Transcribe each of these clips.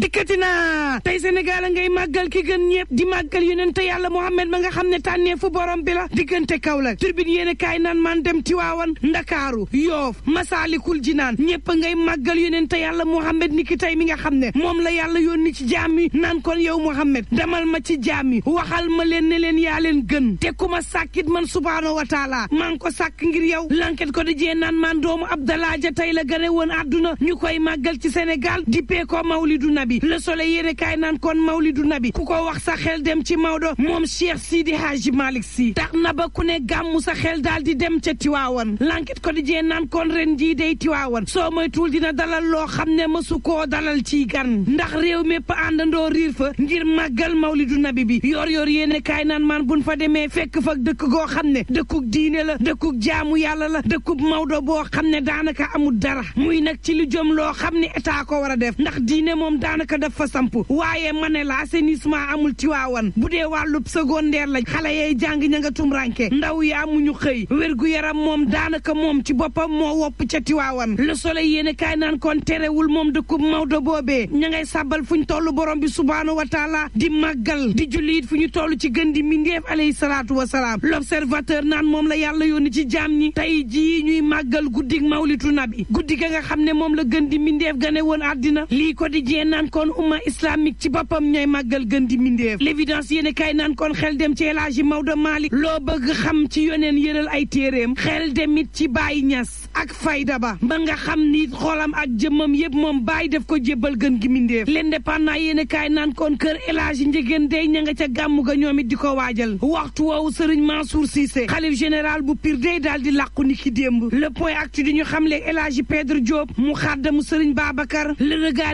dikkati naa tey Sénégal a ngay màggal ki gën ñëpp di màggal yu te yàlla Muhammad ma nga xam ne tànnee fu borom bi la diggante Kaolack turbine yéen kaay naan man dem Tiwaawan Ndakaaru Yoof ji Jinaan ñëpp ngay màggal yonent yàlla Muhammad ni ki tey mi nga xam ne moom la yàlla yónni ci jaam yi naan kon yow Muhammad damal ma ci jaam yi waxal ma leen ne leen yaa leen gën te ku ma sàkkit man subhaanahu wa taala maa ngi ko sàkk ngir yow lanket ko di jee naan man doomu Abdallah ja tey la gane woon àdduna ñu koy màggal ci Sénégal di nabi le soleil yéene kaay naan kon mawlidu nabi ku ko wax sa xel dem ci Maodo moom Cheikh Sidi Hadji Malick Sy tax na ba ku ne gàmmu sa xel daal di dem ca Tiwaawan di Quotidien nan koon ren jii day Tiwaawan soo moytuwul dina dalal loo xam ne mësu koo dalal ci gan ndax réew mépp àndandoo riir fa ngir màggal mawlidu nabi bi yor yor yéene kaay naan man buñ fa demee fekk fa dëkk goo xam ne dëkkub diine la dëkkub jaamu yàlla la dëkkub Maodo boo xam ne daanaka amul dara muy nag ci lu jëm daan daanaka dafa samp waaye ma ne la assainissement amul Tiwaawan bu dee wàllub secondaire la xale yay jàng ña nga tumranke ndaw yaa mu ñu xëy wér-gu-yaram moom daanaka moom ci boppam moo wopp ca Tiwaawan Le Soleil yéene kaay naan kon terewul moom dëkkub Maodo boobee ña ngay sàbbal fu ñu toll borom bi subhaanahu wataala taala di màggal di julli fu ñu toll ci gën di mindeef alayhi salaatu wa salaam L'Observateur naan moom la yàlla yónni ci jaam ñi tey jii ñuy màggal guddig mawlitu nabi guddi ga nga xam ne moom la gën di mindeef gane naan kon umma ci boppam ñooy màggal gën di mindeef l'évidence yéen kaay naan kon xel dem ci El Hadji Maodo Malick loo bëgg xam ci yoneen yëral ay téeréem xel demit ci Baye Niass ak fayda ba ba nga xam ni xoolam ak jëmmam yëpp moom Baye def ko jébbal gën gi mindeef l'indépendant yéen kaay naan kon kër El Hadji njegéen day ña nga ca gàmmu ga ñoom it di ko waajal waxtu woowu sëriñ Mansour Cissé xalif général bu pir day daal di làqu ni ki démb le point actu di ñu xam le El Hadji Pedre Diop mu xaddamu sëriñ Babacar le regard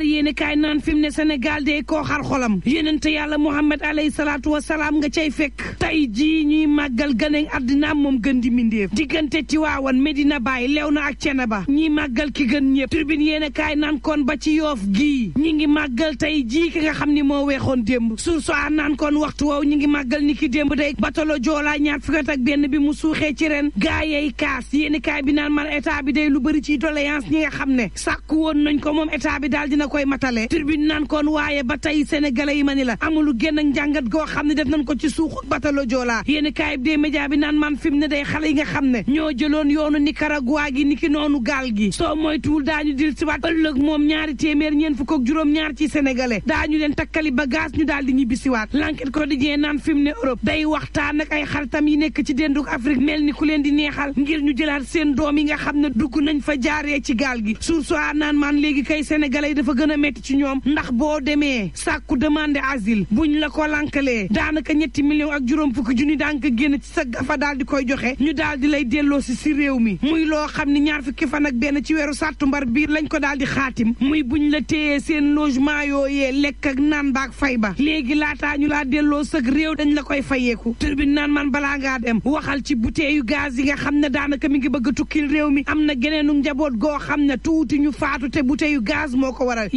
naan naan fi mu ne senegal de koo xar xolam yonente yàlla Muhammad alayhi salaatu wa salaam nga cay fekk tey ji ñuy màggal gane àddinaam moom gën di mindeef diggante Tiwaawan Medina Baay lew na ak Cenaba ñuy màggal ki gën ñëpp turbine yéen a kaay naan kon ba ci yoof gii ñu ngi màggal tey jii ki nga xam ni moo weexoon démb suur so a naan kon waxtu woow ñu ngi màggal ni ki démb day batalo joolaa ñaar fukkat ak benn bi mu suuxee ci ren gaayey kaas yéen kaay bi naan man état bi lu bëri ci doléance ñi nga xam ne sàkku woon nañ ko moom état bi daal koy matale tribune naan kon waaye ba tey senegale yi ma ni la amulu génn ak njàngat goo xam ne def nañ ko ci suuxu batalo Joola yéen kaayib des média bi naan man fi mu ne day xale yi nga xam ne ñoo jëloon yoonu Nicaragua gi niki noonu gaal gi soo moytuwul daañu dil siwaat ëllëg moom ñaari téeméer ñeen fukk ak juróom ñaar ci sénégalais daañu leen takkali bagage ñu daal di ñibbisiwaat l'enquête quotidien naan fi mu ne Europe day waxtaan ak ay xaritam yi nekk ci denduk Afrique mel ni ku leen di neexal ngir ñu jëlaat seen doom yi nga xam ne dugg nañ fa jaaree ci gaal gi sursoi naan man léegi kay sénégalais dafa gën a metti ci ñoom ñoom ndax boo demee sàkku demande bu buñ la ko lankalee daanaka ñetti million ak juróom fukki ni daanaka génn ci sa gafa daal di koy joxe ñu daal di lay delloo si si réew mi muy loo xam ni ñaar fukki fan ak benn ci weeru mbar biir lañ ko daal di xaatim muy buñ la téyee seen logement yooyee lekk ak naan baak fay ba léegi laataa ñu laa delloo sëg réew dañ la koy fayeeku turbine naan man balaa ngaa dem waxal ci buteeyu gaz yi nga xam ne daanaka mi ngi bëgg tukkil réew mi am na geneenu njaboot goo xam ne tuuti ñu faatu te buteeyu gaz moo ko waral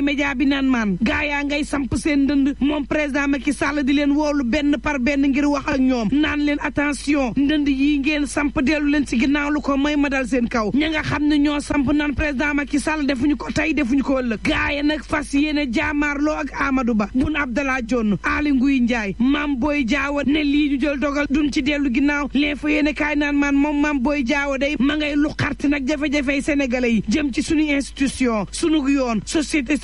liggéey média bi naan maan gaa yaa ngay samp seen dënd moom président ki Sall di leen woolu benn par benn ngir wax ak ñoom naan leen attention ndënd yi ngeen samp dellu leen ci ginnaaw lu ko may ma dal seen kaw ña nga xam ne ñoo samp naan président Macky Sall defuñu ko tey defuñu ko ëllëg gaa ya nag fas yéene jaamaarloo ak Amadou Ba Boun Abdallah Dionne Aly nguy Ndiaye maam booy Diao ne lii ñu jël dogal duñ ci dellu ginnaaw leen fa yéene kaay naan maan moom Mame Boye Diao day ma ngay lu xart nag jafe-jafey yi jëm ci suñu institution suñu yoon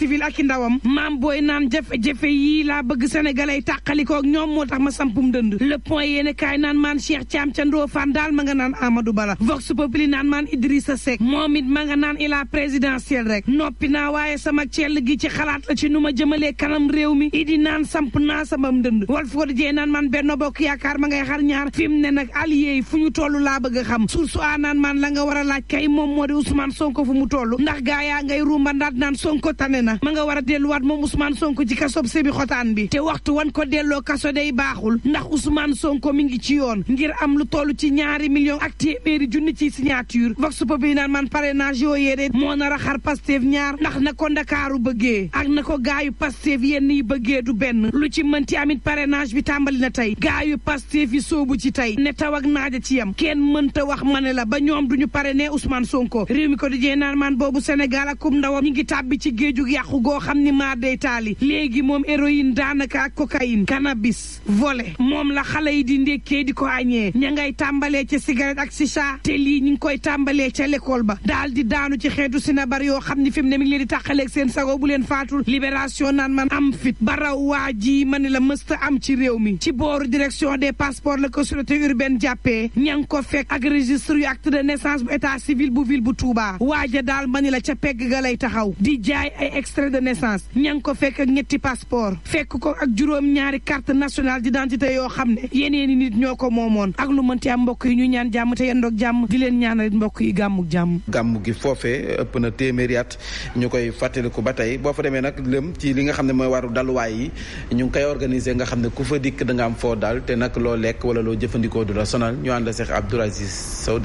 civil ak i ndawam maam booy naan jafe-jafe yii laa bëgg sénégalais tàqalikook ñoom moo tax ma sampum dënd le point yéene kaay naan maan Cheikh Thiam ca Ndofane daal ma nga naan Amadou Bala vox populi naan maan Idrissa Seck moom ma nga naan ila présidentielle rek noppi naa waaye sama cell gi ci xalaat la ci nu ma jëmalee kanam réew mi idi naan samp naa samam dënd Walf Quotidien naan maan benn Bokk Yaakaar ma ngay xar ñaar fi mu ne nag allié fu ñu toll laa bëgg a xam sursu a naan la nga war a moom moo di Ousmane Sonko fu mu toll ndax gaa yaa ngay rumbandaat naan ma nga war a delluwaat moom Ousmane Sonko ci kasob sébi xotaan bi te waxtu wan ko delloo kaso day baaxul ndax Ousmane Sonko mi ngi ci yoon ngir am lu toll ci ñaari millions ak téeméeri junni ci signature vox populi naan man parrainage yooyee de moo nar a xar Pastef ñaar ndax na ko ndakaaru bëggee ak na ko gaayu Pastef yenn yi bëggee du benn lu ci mënti amit parrainage bi tàmbali na tey gaayu Pastef yi soobu ci tey ne taw ak a ci yam kenn mënta wax ma ne la ba ñoom duñu parrainé Ousmane Sonko réew mi ko di jee man boobu Sénégal ak kum ndawam ñi ngi tàbbi ci géejug yàq yàqu goo xam ni maa day taali léegi moom héroïne daanaka ak cocaïne cannabis volet moom la xale yi di ndékkee di ko añee ña ngay tàmbalee ca cigarette ak chicha te lii ñi ngi koy tàmbalee ca l'école ba daal di daanu ci xeetu sinabar yoo xam ni fi mu ne mi ngi leen di tàqaleeg seen sago bu leen faatul libération naan man am fit baraw waa ji ma ne la mësta am ci réew mi ci booru direction des passeports la ko sûreté urbaine jàppee ña ngi ko fekk ak registre yu ak de naissance b état civil bu ville bu Touba waaja daal ma ne la ca pegg ga lay taxaw di jaay ay extrait de naissance ña ngi ko fekk ak ñetti passeport fekk ko ak juróom-ñaari carte nationale te yoo xam ne yeneeni nit ñoo ko moomoon ak lu mënti am mbokk yi ñu ñaan jàmm te yendoog jàmm di leen ñaanal mbokk yi gàmmu jàmm gàmmu gi foofee ëpp na téeméeri at ñu koy fàttaliku ba tey boo fa demee nag lëm ci li nga xam ne mooy waru daluwaay yi ñu ngi koy organiser nga xam ne ku fa dikk da nga am foo dal te nag loo lekk wala loo jëfandikoo du la sonal ñu ànd la Seex Abdoul Aziz Sow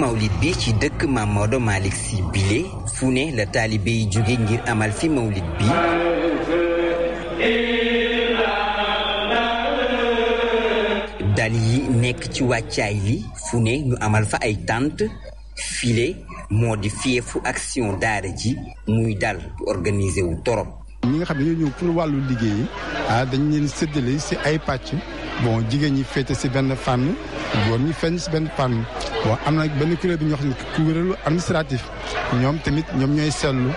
mawlid bi ci dëkk Maam Maodo Malick Sy bile fu ne la taalibe yi jóge ngir amal fi mawlid bi dal yi nekk ci wàccaay li fu ne ñu amal fa ay tànt file moo di fiefu action daara ji muy dal organisé wu torop nga xam ne ñoo pour wàllu liggéey ah dañ leen séddale si ay pàcc bon jigéen ñi féete si benn fànn góor ñi feeñ si benn fànn bon am na benn kuréel bi ñu wax ne kuréelu administratif ñoom tamit ñoom ñooy seetlu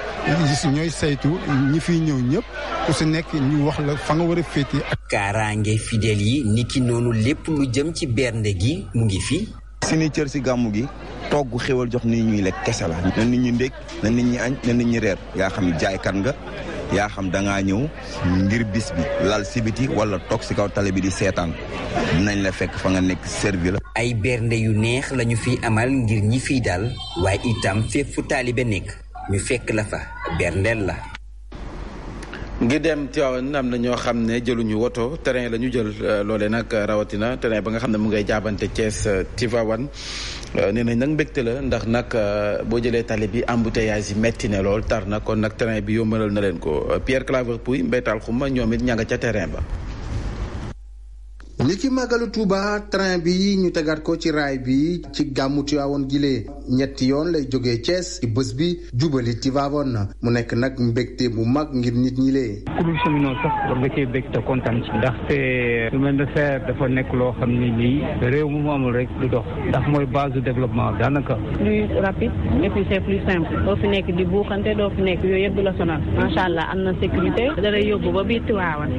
si ñooy saytu ñi fiy ñëw ñëpp ku si nekk ñu wax la fa nga war a féete ak kaaraange fidèles yi ki noonu lépp lu jëm ci bernde gi mu ngi fi suñuy cër si gàmmu gi togg xéwal jox nit ñuy lekk kese la na nit ñi ndékk na nit ñi añ na nit ñi reer yaa xam jaaykat nga yaa xam da ñëw ngir bis bi lal si biti wala toog si kaw tali bi di seetaan dinañ la fekk fa nga nekk servi la. ay bernde yu neex lañu fi amal ngir ñi fiy daal waaye itam fépp fu taalibe nekk ñu fekk la fa berndeel la. ngir dem Tivaouane am na ñoo xam ne jëluñu woto terrain la ñu jël eh, loole nag rawatina terrain ba nga xam ne mu ngay jaabante Thiès eh, Tivaouane Euh, nee nañ nag mbégte la ndax nag euh, boo jëlee tali bi embouteillage yi metti ne lool tar na kon nag terrain bi yombalal na leen ko euh, Pierre Claver Pouy Mbeytaal Xuma ñoom it ña nga ca terrain ba. li ci màggalu Touba train bi ñu tegaat ko ci raay bi ci gàmmu Tiwaawoon gilee ñetti yoon lay jógee cees ci bés bi jubali Tiwaawoon na mu nekk nag mbégte bu mag ngir nit ñi lee ku dul cheminot sax war nga cee bég te kontaan ci ndaxte chemin de fer dafa nekk loo xam ne nii réew mu mu amul rek du dox ndax mooy base du développement daanaka plus rapide doo fi nekk di buuxante doo fi nekk yooyu yëpp la sonal macha allah am na sécurité da yóbbu ba biir Tiwaawoon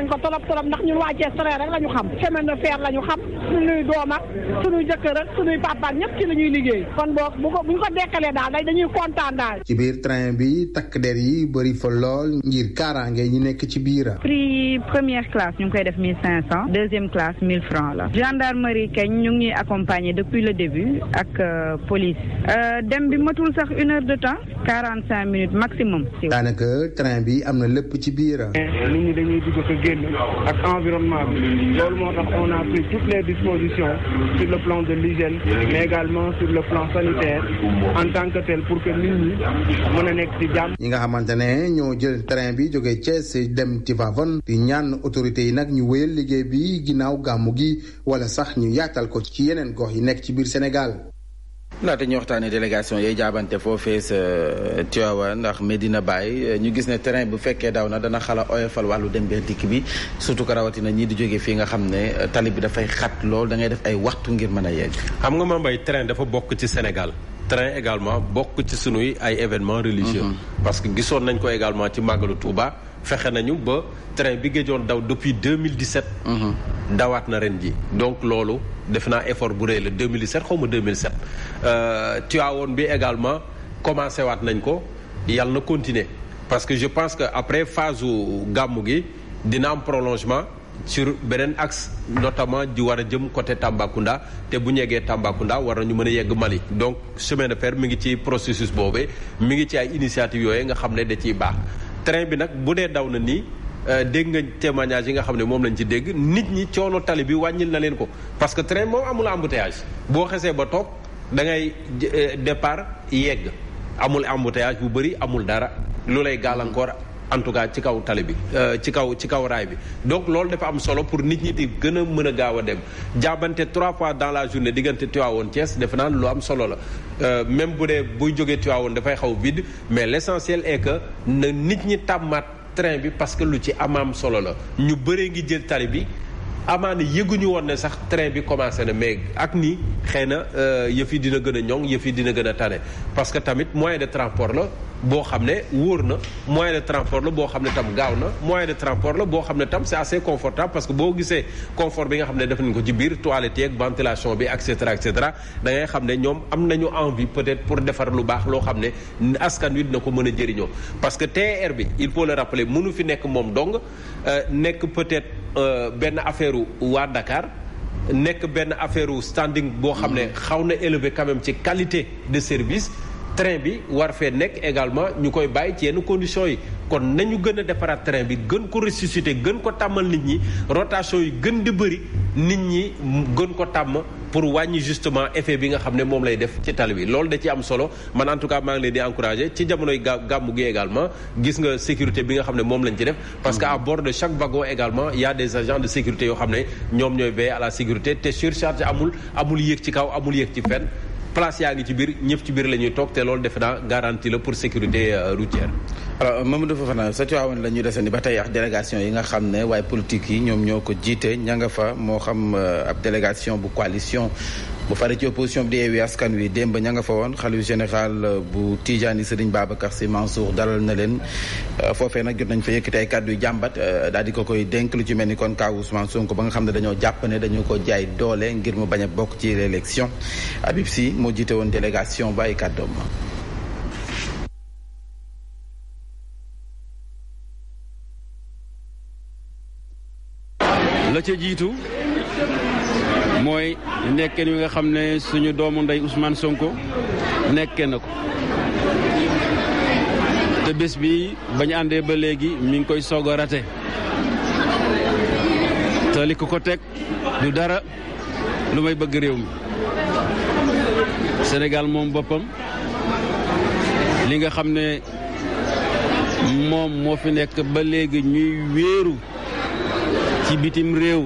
nañ ko torop torop ndax ñun waa Thiès rek la xam chemin de fer la ñu xam suñuy doom ak suñuy jëkkër ak suñuy papa ak ñëpp ci la liggéey kon boog bu ko bu ñu ko dekkalee daal day dañuy kontaan daal. ci biir train bi takk der yi bëri fa lool ngir kaaraange ñu nekk ci biira prix première classe ñu ngi koy def mille cinq cent deuxième classe mille francs la gendarmerie kañ ñu ngi accompagné depuis le début ak euh, police euh, dem bi matul sax une heure de temps quarante cinq bi am na lépp ci biira. Euh, ak environnement loolu moo tax on a pris toutes les dispositions sur le plan de l'hygiène mais également sur le plan sanitaire en tant que tel pour que nit ñi mën a nekk ci jàmm. ñi nga xamante ne ñoo jël train bi jógee Thiès dem Tivaouane di ñaan autorités yi nag ñu wéyal liggéey bi ginnaaw gàmmu gi wala sax ñu yaatal ko ci yeneen gox yi nekk ci biir Sénégal. laata ñu waxtaanee délégation yooyu jaabante foofee sa euh, Tivaouane ndax Medina Baye euh, ñu gis ne terrain bu fekkee daw na dana xala oyofal wàllu dem beek dikk bi surtout que rawatina ñii di jóge fii nga xam ne euh, tali bi dafay xat lool da ngay def ay waxtu ngir mën a yegg. xam nga ma Mbaye terrain dafa bokk ci Sénégal. train également bokk ci sunuy ay événements religieux mm-hmm. parce que gisoon nañ ko également ci màggalu Touba fexe nañu ba train bi géejoon daw depuis 2017 dawaat na ren ji donc loolu def naa effort bu rëy la 2017 xaw ma 2007 euh, Tiwaawoon bi également commencé waat nañ ko yàlla na continuer parce que je pense que après phase gàmmu gi dina am prolongement sur beneen axe notamment di war a jëm côté Tambacounda te bu ñu yeggee Tambacounda war nañu mën a yegg Mali donc chemin de fer mi ngi ci processus boobee mi ngi ci ay initiative yooyu nga xam ne da ciy baax train bi nag bu dee daw na nii Euh, dégg nga témoignage yi nga xam ne moom lañ ci dégg nit ñi coono tali bi wàññil na leen ko parce que train moom amul embouteillage boo xesee ba toog da ngay euh, départ yegg amul embouteillage bu bëri amul dara lu lay gàllankoor en tout cas ci kaw tali bi euh, ci kaw ci kaw raay bi donc loolu dafa am solo pour nit ñi di gën a mën a gaaw a dem jàbbante trois fois dans la journée diggante Tivaouane Thiès defe naa lu am solo la même bu dee buy jógee Tivaouane dafay xaw vide mais l' essentiel est que na nit ñi tàmmaat train bi parce que lu ci amaam solo la ñu bëree ngi jël tali bi amaana yëguñu woon ne sax train bi commencé na mais ak nii xëy na euh, yëf yi dina gën a ñoŋ yëf yi dina gën a tane parce que tamit moyen de transport la boo xam ne wóor na moyen de transport la boo xam ne tam gaaw na moyen de transport la boo xam ne tam c'est assez confortable parce que boo gisee confort bi nga xam ne def nañ ko ci biir toilette yeeg ventilation bi et cetera et cetera da xam ne ñoom am nañu envie peut-être pour defar lu baax loo xam ne askan wi dina ko mën a jëriñoo parce que TER bi il faut le rappeler mënu fi nekk moom dong euh, nekk peut-être euh, benn affaire waa Dakar nekk benn affaire standing boo xam ne xaw na élevé quand ci qualité de service train bi war fee nekk également ñu koy bàyyi ci yenn conditions yi kon nañu gën a defaraat train bi gën ko ressusciter gën ko tàmmal nit ñi rotation yi gën di bëri nit ñi gën ko tàmm pour wàññi justement effet bi nga xam ne moom lay def ci tali bi loolu da ci am solo man en tout cas maa ngi leen di encourager ci jamonoy ga gàmmu gi également gis nga sécurité bi nga xam ne moom lañu ci def parce que à mm-hmm. bord de chaque wagon également y a des agents de sécurité yoo xam ne ñoom ñooy veiller la sécurité te surcharge amul amul yéeg ci kaw amul yéeg ci fenn place yaa ngi ci biir ñëpp ci biir la ñuy toog te loolu defe naa garantie la pour sécurité euh, routière. alors Mamadou Fofana sa Tivaouane la ñuy dese ni ba tey ak délégation yi nga xam ne waaye politique yi ñoom ñoo ko jiite ña nga fa moo xam euh, ab délégation bu coalition. bu pare ci opposition bi di Yewwi Askan Wi démb ña nga fa woon xalifa général euh, bu Tijaani Sëriñ Babacar Sy Mansour dalal na leen euh, foofee nag jot nañ fa yëkkati ay kàddu yu jàmbat euh, dal di ko koy dénk lu ci mel ni kon kaaw Ousmane Sonko ba nga xam ne dañoo jàpp ne dañu ko jaay doole ngir mu bañ a bokk ci l'élection Habib si moo jiite woon délégation ba ay kàddoom la ca jiitu mooy nekkeen wi nga xam ne suñu doomu ndey Ousmane Sonko nekkee na ko te bés bi bañu àndee ba léegi mi ngi koy soog a rate te li ko ko teg du dara lu may bëgg réew mi Sénégal moom boppam li nga xam ne moom moo fi nekk ba léegi ñuy wéeru ci bitim réew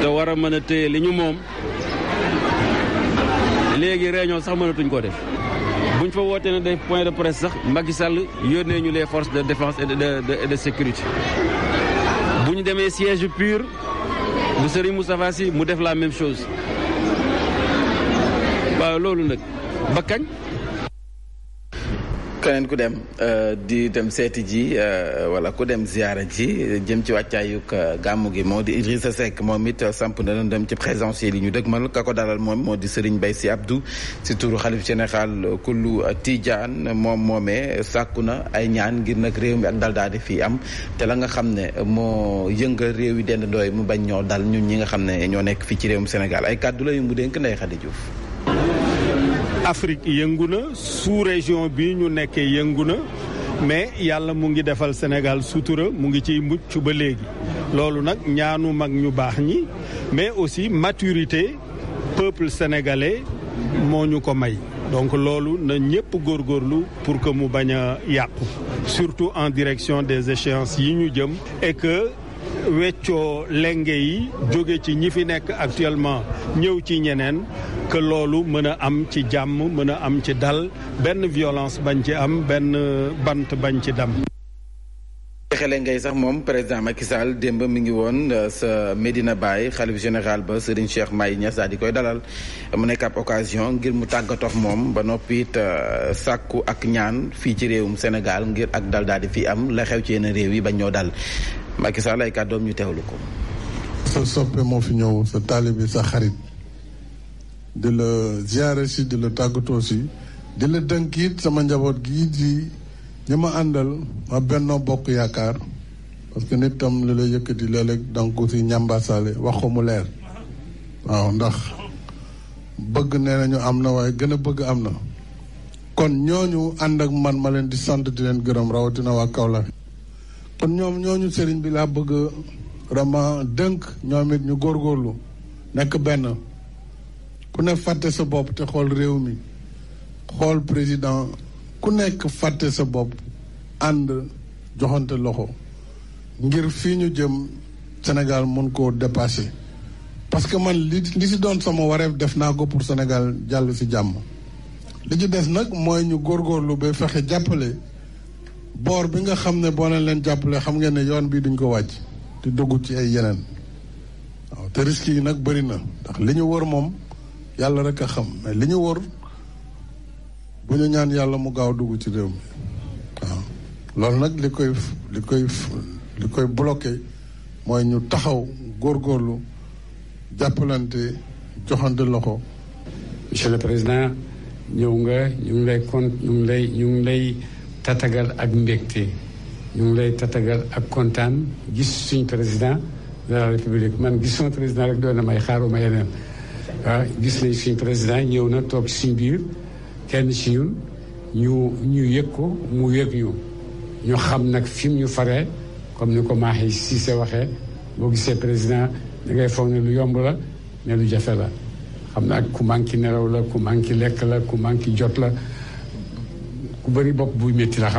te war a mën a téye li ñu moom léegi réunion sax mënatuñ koo def bu buñ fa wootee ne day point de presse sax Macky Sall yónnee ñu les force de défense et de de de sécurité. bu ñu demee siège pur bu Serigne Moustapha mu def la même chose waaw loolu nag ba kañ. keneen ku dem euh, di dem seeti ji euh, wala ku dem ziyaara ji jëm ci wàccaayug euh, gàmmu gi moo di Idrissa Seck moom it samp na doon dem ci présidentielle yi ñu dëgmal ka ko dalal moom moo di Serigne bay si Abdou si turu xalif général kullu Tidiane moom moomee sàkku na ay ñaan ngir nag réew mi ak dal daal di fii am te la nga xam ne moo yëngal réew yi dend ndooy mu bañ ñoo dal ñun ñi nga xam ne ñoo nekk fii ci réewum Sénégal ay kàddu la yu mu dénk Ndeye Khady Diouf Afrique yëngu na sous région bi ñu nekkee yëngu na mais yàlla mu ngi defal Sénégal sutura mu ngi ciy mucc ba léegi loolu nag ñaanu mag ñu baax ñi mais aussi maturité peuple sénégalais moo ñu ko may donc loolu na ñëpp góorgóorlu pour que mu bañ a yàqu surtout en direction des échéances yi ñu jëm et weccoo lenge yi jóge ci ñi fi nekk actuellement ñëw ci ñeneen que loolu mën a am ci jàmm mën a am ci dal benn violence bañ ci am benn bant bañ ci dam xele ngay sax moom président Macky Sall démb mi ngi woon euh, sa Medina Baye xalif général ba Serigne Cheikh Maye Niass daal di koy dalal mu nekk ab occasion ngir mu tàggatox moom ba noppi it euh, sàkku ak ñaan fii ci réewum Sénégal ngir ak dal daal di fi am la xew ci yenn réew yi bañ ñoo dal Macky Sall ay kàddoom ñu teewlu ko. sa soppe moo fi ñëw sa taalibe sa xarit di la ziare si di la tàggatoo si di la dënk it sama njaboot gii di ñu ma àndal ma benn bokk yaakaar parce que nit tam li lay yëkkati léeg-léeg donc si ñambaasaale wax ko mu leer waaw ndax bëgg nee nañu am na waaye gën a bëgg am na kon ñooñu ànd ak man ma leen di sant di leen gërëm rawatina waa Kaolack kon ñoom ñooñu sëriñ bi laa bëgg vraiment dënk ñoomit it ñu góorgóorlu nekk benn ku ne fàtte sa bopp te xool réew mi xool président ku nekk fàtte sa bopp ànd joxante loxo ngir fii ñu jëm Sénégal mën koo dépasser parce que man li li si doon sama wareef def naa ko pour Sénégal jàll si jàmm li ci des nag mooy ñu góorgóorlu ba fexe jàppale boor bi nga xam ne boo leen leen jàppale xam ngeen ne yoon bii duñ ko wàcc di dugg ci ay yeneen waaw te risques yi nag bëri na ndax li ñu wër moom yàlla rek a xam mais li ñu wër bu ñu ñaan yàlla mu gaaw dugg ci réew mi waaw loolu nag li koy li koy li koy bloqué mooy ñu taxaw góorgóorlu jàppalante joxante loxo. monsieur le président ñëw nga ñu ngi lay kon ñu ngi lay ñu ngi lay. tatagal ak mbégte ñu ngi lay tatagal ak kontaan gis suñ président de la république man gis suma président rek doon na may xaaruma yeneen waaw gis nañ suñ président ñëw na toog suñ biir kenn ci ñu ñu yëg ko mu yëg ñu ñu xam nag fi mu ñu fare comme ni ko Mahi Cissé waxee boo gisee président dangay foog ne lu yomb la mais lu jafe la xam na ak ku manqué nelaw la ku manqué lekk ku manqué jot la ku bëri bopp buy métti la xam.